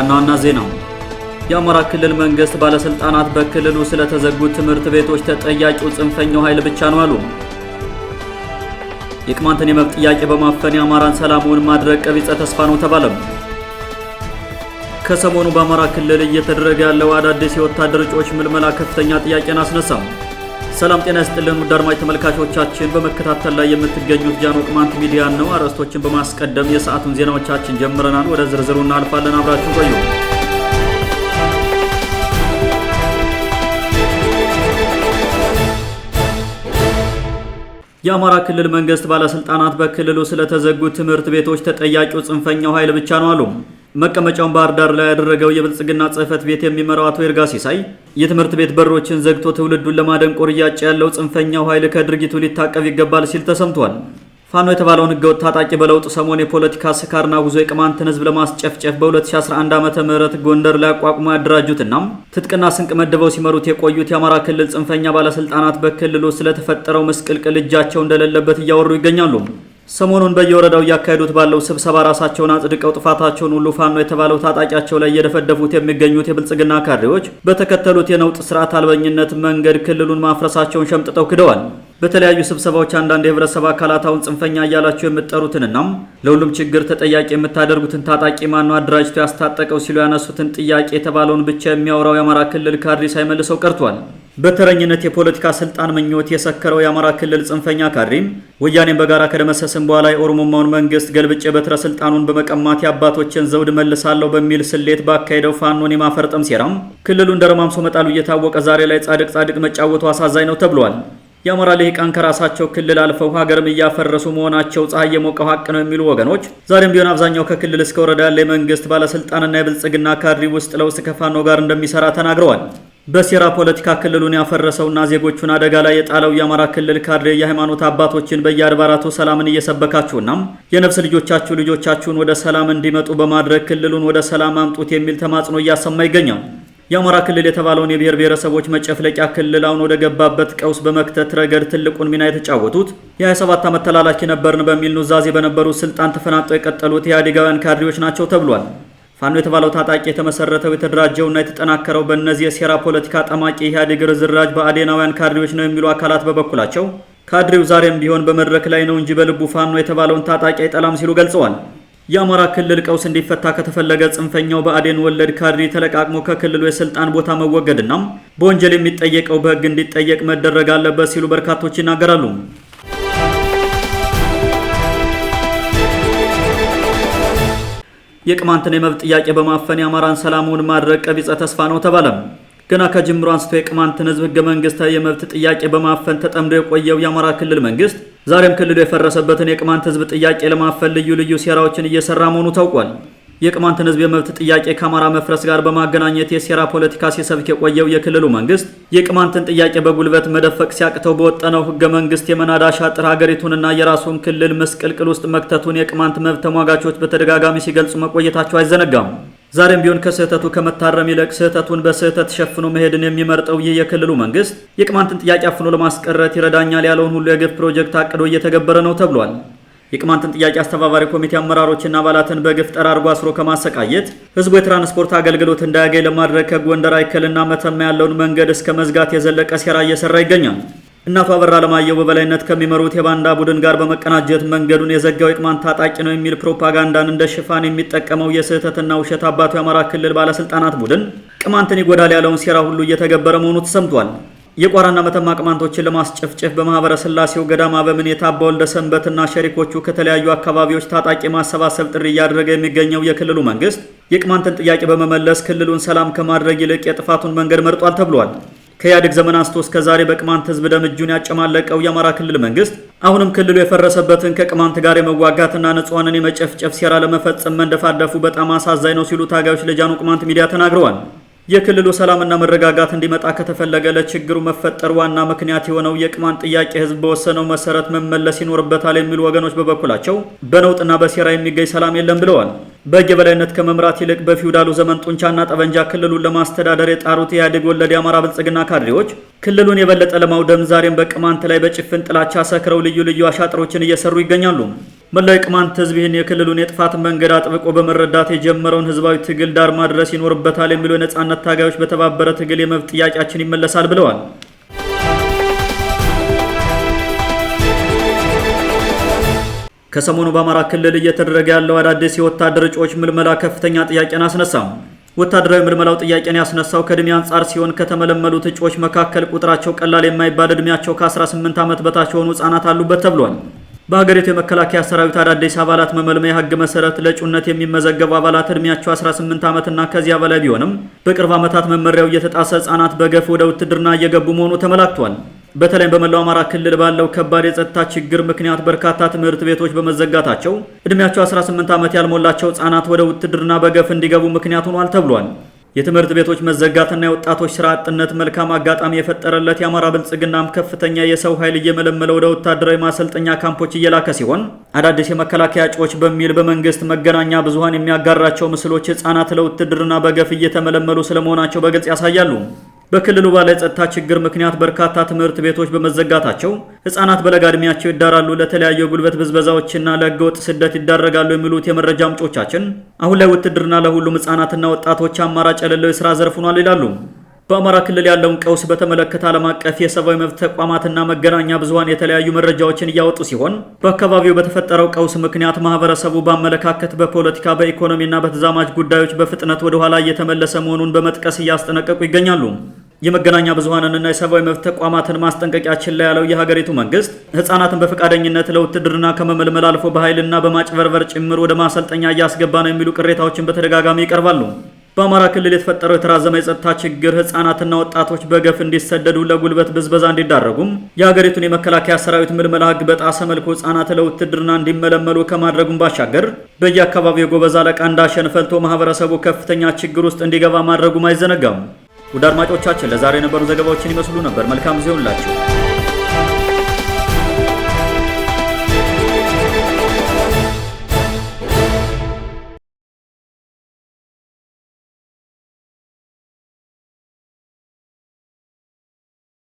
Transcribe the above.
ዋና ዋና ዜና የአማራ ክልል መንግስት ባለስልጣናት በክልሉ ስለተዘጉ ትምህርት ቤቶች ተጠያቂው ጽንፈኛው ኃይል ብቻ ነው አሉ። የቅማንትን የመብት ጥያቄ በማፈን የአማራን ሰላሙን ማድረግ ቀቢጸ ተስፋ ነው ተባለም። ከሰሞኑ በአማራ ክልል እየተደረገ ያለው አዳዲስ የወታደር እጩዎች ምልመላ ከፍተኛ ጥያቄን አስነሳም። ሰላም ጤና ይስጥልን ውድ አድማጭ ተመልካቾቻችን፣ በመከታተል ላይ የምትገኙት ጃኖ ቅማንት ሚዲያ ነው። አርዕስቶችን በማስቀደም የሰዓቱን ዜናዎቻችን ጀምረናል። ወደ ዝርዝሩ እናልፋለን። አብራችሁ ቆዩ። የአማራ ክልል መንግስት ባለስልጣናት በክልሉ ስለተዘጉ ትምህርት ቤቶች ተጠያቂው ጽንፈኛው ኃይል ብቻ ነው አሉ። መቀመጫውን ባህር ዳር ላይ ያደረገው የብልጽግና ጽህፈት ቤት የሚመራው አቶ ይርጋ ሲሳይ የትምህርት ቤት በሮችን ዘግቶ ትውልዱን ለማደንቆር እያጨ ያለው ጽንፈኛው ኃይል ከድርጊቱ ሊታቀብ ይገባል ሲል ተሰምቷል። ፋኖ የተባለውን ህገወጥ ታጣቂ በለውጥ ሰሞን የፖለቲካ ስካርና ጉዞ የቅማንትን ህዝብ ለማስጨፍጨፍ በ2011 ዓ ም ጎንደር ላይ አቋቁመው ያደራጁትና ትጥቅና ስንቅ መድበው ሲመሩት የቆዩት የአማራ ክልል ጽንፈኛ ባለስልጣናት በክልሉ ስለተፈጠረው ምስቅልቅል እጃቸው እንደሌለበት እያወሩ ይገኛሉ። ሰሞኑን በየወረዳው እያካሄዱት ባለው ስብሰባ ራሳቸውን አጽድቀው ጥፋታቸውን ሁሉ ፋኖ የተባለው ታጣቂያቸው ላይ እየደፈደፉት የሚገኙት የብልጽግና ካድሬዎች በተከተሉት የነውጥ ስርዓት አልበኝነት መንገድ ክልሉን ማፍረሳቸውን ሸምጥጠው ክደዋል። በተለያዩ ስብሰባዎች አንዳንድ የህብረተሰብ አካላት አሁን ጽንፈኛ እያላችሁ የምትጠሩትንና ለሁሉም ችግር ተጠያቂ የምታደርጉትን ታጣቂ ማነው አደራጅቶ ያስታጠቀው ሲሉ ያነሱትን ጥያቄ የተባለውን ብቻ የሚያወራው የአማራ ክልል ካድሬ ሳይመልሰው ቀርቷል። በተረኝነት የፖለቲካ ስልጣን ምኞት የሰከረው የአማራ ክልል ጽንፈኛ ካድሬም ወያኔን በጋራ ከደመሰስን በኋላ የኦሮሞማውን መንግስት ገልብጬ በትረ ስልጣኑን በመቀማት የአባቶችን ዘውድ መልሳለሁ በሚል ስሌት ባካሄደው ፋኖን የማፈርጠም ሴራም ክልሉን ደረማምሶ መጣሉ እየታወቀ ዛሬ ላይ ጻድቅ ጻድቅ መጫወቱ አሳዛኝ ነው ተብሏል። የአማራ ልሂቃን ከራሳቸው ክልል አልፈው ሀገርም እያፈረሱ መሆናቸው ፀሐይ የሞቀው ሀቅ ነው የሚሉ ወገኖች ዛሬም ቢሆን አብዛኛው ከክልል እስከ ወረዳ ያለ የመንግስት ባለስልጣንና የብልጽግና ካድሪ ውስጥ ለውስጥ ከፋኖ ጋር እንደሚሰራ ተናግረዋል። በሴራ ፖለቲካ ክልሉን ያፈረሰውና ዜጎቹን አደጋ ላይ የጣለው የአማራ ክልል ካድሬ የሃይማኖት አባቶችን በየአድባራቱ ሰላምን እየሰበካችሁና የነፍስ ልጆቻችሁ ልጆቻችሁን ወደ ሰላም እንዲመጡ በማድረግ ክልሉን ወደ ሰላም አምጡት የሚል ተማጽኖ እያሰማ ይገኛል። የአማራ ክልል የተባለውን የብሔር ብሔረሰቦች መጨፍለቂያ ክልል አሁን ወደ ገባበት ቀውስ በመክተት ረገድ ትልቁን ሚና የተጫወቱት የ27 ዓመት ተላላኪ ነበርን በሚል ኑዛዜ በነበሩ ስልጣን ተፈናጠው የቀጠሉት የአደጋውያን ካድሬዎች ናቸው ተብሏል። ፋኖ የተባለው ታጣቂ የተመሰረተው የተደራጀውና የተጠናከረው በእነዚህ የሴራ ፖለቲካ ጠማቂ ኢህአዴግ ርዝራጅ በአዴናውያን ካድሬዎች ነው የሚሉ አካላት በበኩላቸው ካድሬው ዛሬም ቢሆን በመድረክ ላይ ነው እንጂ በልቡ ፋኖ የተባለውን ታጣቂ አይጠላም ሲሉ ገልጸዋል። የአማራ ክልል ቀውስ እንዲፈታ ከተፈለገ ጽንፈኛው በአዴን ወለድ ካድሬ ተለቃቅሞ ከክልሉ የስልጣን ቦታ መወገድና በወንጀል የሚጠየቀው በህግ እንዲጠየቅ መደረግ አለበት ሲሉ በርካቶች ይናገራሉ። የቅማንትን የመብት ጥያቄ በማፈን የአማራን ሰላሙን ማድረግ ቀቢጸ ተስፋ ነው ተባለም። ገና ከጅምሮ አንስቶ የቅማንትን ህዝብ ህገ መንግስታዊ የመብት ጥያቄ በማፈን ተጠምዶ የቆየው የአማራ ክልል መንግስት ዛሬም ክልሉ የፈረሰበትን የቅማንት ህዝብ ጥያቄ ለማፈን ልዩ ልዩ ሴራዎችን እየሰራ መሆኑ ታውቋል። የቅማንትን ህዝብ የመብት ጥያቄ ከአማራ መፍረስ ጋር በማገናኘት የሴራ ፖለቲካ ሲሰብክ የቆየው የክልሉ መንግስት የቅማንትን ጥያቄ በጉልበት መደፈቅ ሲያቅተው በወጠነው ህገ መንግስት የመናድ አሻጥር ሀገሪቱንና የራሱን ክልል ምስቅልቅል ውስጥ መክተቱን የቅማንት መብት ተሟጋቾች በተደጋጋሚ ሲገልጹ መቆየታቸው አይዘነጋም። ዛሬም ቢሆን ከስህተቱ ከመታረም ይልቅ ስህተቱን በስህተት ሸፍኖ መሄድን የሚመርጠው ይህ የክልሉ መንግስት የቅማንትን ጥያቄ አፍኖ ለማስቀረት ይረዳኛል ያለውን ሁሉ የግብ ፕሮጀክት አቅዶ እየተገበረ ነው ተብሏል። የቅማንትን ጥያቄ አስተባባሪ ኮሚቴ አመራሮችና አባላትን በግፍ ጠራርጎ አስሮ ከማሰቃየት ህዝቡ የትራንስፖርት አገልግሎት እንዳያገኝ ለማድረግ ከጎንደር አይከልና መተማ ያለውን መንገድ እስከ መዝጋት የዘለቀ ሴራ እየሰራ ይገኛል። እናቱ አበራ አለማየሁ በበላይነት ከሚመሩት የባንዳ ቡድን ጋር በመቀናጀት መንገዱን የዘጋው የቅማንት ታጣቂ ነው የሚል ፕሮፓጋንዳን እንደ ሽፋን የሚጠቀመው የስህተትና ውሸት አባቱ የአማራ ክልል ባለስልጣናት ቡድን ቅማንትን ይጎዳል ያለውን ሴራ ሁሉ እየተገበረ መሆኑ ተሰምቷል። የቋራና መተማ ቅማንቶችን ለማስጨፍጨፍ በማህበረ ስላሴው ገዳም አበምኔት አባ ወልደ ሰንበትና ሸሪኮቹ ከተለያዩ አካባቢዎች ታጣቂ ማሰባሰብ ጥሪ እያደረገ የሚገኘው የክልሉ መንግስት የቅማንትን ጥያቄ በመመለስ ክልሉን ሰላም ከማድረግ ይልቅ የጥፋቱን መንገድ መርጧል ተብሏል። ከኢህአዴግ ዘመን አንስቶ እስከ ዛሬ በቅማንት ህዝብ ደም እጁን ያጨማለቀው የአማራ ክልል መንግስት አሁንም ክልሉ የፈረሰበትን ከቅማንት ጋር የመዋጋትና ንጹሐንን የመጨፍጨፍ ሴራ ለመፈጸም መንደፋደፉ በጣም አሳዛኝ ነው ሲሉ ታጋዮች ለጃኑ ቅማንት ሚዲያ ተናግረዋል። የክልሉ ሰላምና መረጋጋት እንዲመጣ ከተፈለገ ለችግሩ መፈጠር ዋና ምክንያት የሆነው የቅማን ጥያቄ ህዝብ በወሰነው መሰረት መመለስ ይኖርበታል የሚሉ ወገኖች በበኩላቸው በነውጥና በሴራ የሚገኝ ሰላም የለም ብለዋል። በየበላይነት ከመምራት ይልቅ በፊውዳሉ ዘመን ጡንቻና ጠበንጃ ክልሉን ለማስተዳደር የጣሩት ኢህአዴግ ወለድ የአማራ ብልጽግና ካድሬዎች ክልሉን የበለጠ ለማውደም ዛሬም በቅማንት ላይ በጭፍን ጥላቻ ሰክረው ልዩ ልዩ አሻጥሮችን እየሰሩ ይገኛሉ። መላው ቅማንት ህዝብ ይህን የክልሉን የጥፋት መንገድ አጥብቆ በመረዳት የጀመረውን ህዝባዊ ትግል ዳር ማድረስ ይኖርበታል የሚሉ የነጻነት ታጋዮች በተባበረ ትግል የመብት ጥያቄያችን ይመለሳል ብለዋል። ከሰሞኑ በአማራ ክልል እየተደረገ ያለው አዳዲስ የወታደር እጩዎች ምልመላ ከፍተኛ ጥያቄን አስነሳም። ወታደራዊ ምልመላው ጥያቄን ያስነሳው ከእድሜ አንጻር ሲሆን ከተመለመሉት እጩዎች መካከል ቁጥራቸው ቀላል የማይባል እድሜያቸው ከ18 ዓመት በታች የሆኑ ህጻናት አሉበት ተብሏል። በሀገሪቱ የመከላከያ ሰራዊት አዳዲስ አባላት መመልመያ ህግ መሰረት ለእጩነት የሚመዘገቡ አባላት እድሜያቸው 18 ዓመትና ከዚያ በላይ ቢሆንም በቅርብ ዓመታት መመሪያው እየተጣሰ ህጻናት በገፍ ወደ ውትድርና እየገቡ መሆኑ ተመላክቷል። በተለይም በመላው አማራ ክልል ባለው ከባድ የጸጥታ ችግር ምክንያት በርካታ ትምህርት ቤቶች በመዘጋታቸው እድሜያቸው 18 ዓመት ያልሞላቸው ህጻናት ወደ ውትድርና በገፍ እንዲገቡ ምክንያት ሆኗል ተብሏል። የትምህርት ቤቶች መዘጋትና የወጣቶች ስራ አጥነት መልካም አጋጣሚ የፈጠረለት የአማራ ብልጽግናም ከፍተኛ የሰው ኃይል እየመለመለ ወደ ወታደራዊ ማሰልጠኛ ካምፖች እየላከ ሲሆን አዳዲስ የመከላከያ ጫዎች በሚል በመንግስት መገናኛ ብዙሃን የሚያጋራቸው ምስሎች ህጻናት ለውትድርና በገፍ እየተመለመሉ ስለመሆናቸው በግልጽ ያሳያሉ። በክልሉ ባለ የጸጥታ ችግር ምክንያት በርካታ ትምህርት ቤቶች በመዘጋታቸው ህጻናት በለጋ ዕድሜያቸው ይዳራሉ፣ ለተለያዩ የጉልበት ብዝበዛዎችና ለህገወጥ ስደት ይዳረጋሉ የሚሉት የመረጃ ምንጮቻችን አሁን ላይ ውትድርና ለሁሉም ህጻናትና ወጣቶች አማራጭ የሌለው የስራ ዘርፍ ሆኗል ይላሉ። በአማራ ክልል ያለውን ቀውስ በተመለከተ ዓለም አቀፍ የሰብአዊ መብት ተቋማትና መገናኛ ብዙሀን የተለያዩ መረጃዎችን እያወጡ ሲሆን በአካባቢው በተፈጠረው ቀውስ ምክንያት ማህበረሰቡ በአመለካከት፣ በፖለቲካ፣ በኢኮኖሚና በተዛማጅ ጉዳዮች በፍጥነት ወደ ኋላ እየተመለሰ መሆኑን በመጥቀስ እያስጠነቀቁ ይገኛሉ። የመገናኛ ብዙኃንንና የሰብአዊ መብት ተቋማትን ማስጠንቀቂያችን ላይ ያለው የሀገሪቱ መንግስት ህጻናትን በፈቃደኝነት ለውትድርና ከመመልመል አልፎ በኃይልና በማጭበርበር ጭምር ወደ ማሰልጠኛ እያስገባ ነው የሚሉ ቅሬታዎችን በተደጋጋሚ ይቀርባሉ። በአማራ ክልል የተፈጠረው የተራዘመ የጸጥታ ችግር ህጻናትና ወጣቶች በገፍ እንዲሰደዱ፣ ለጉልበት ብዝበዛ እንዲዳረጉም የሀገሪቱን የመከላከያ ሰራዊት ምልመላ ህግ በጣሰ መልኩ ህጻናት ለውትድርና እንዲመለመሉ ከማድረጉም ባሻገር በየአካባቢው የጎበዝ አለቃ እንዳሸን ፈልቶ ማህበረሰቡ ከፍተኛ ችግር ውስጥ እንዲገባ ማድረጉም አይዘነጋም። ውድ አድማጮቻችን ለዛሬ የነበሩ ዘገባዎችን ይመስሉ ነበር። መልካም ጊዜ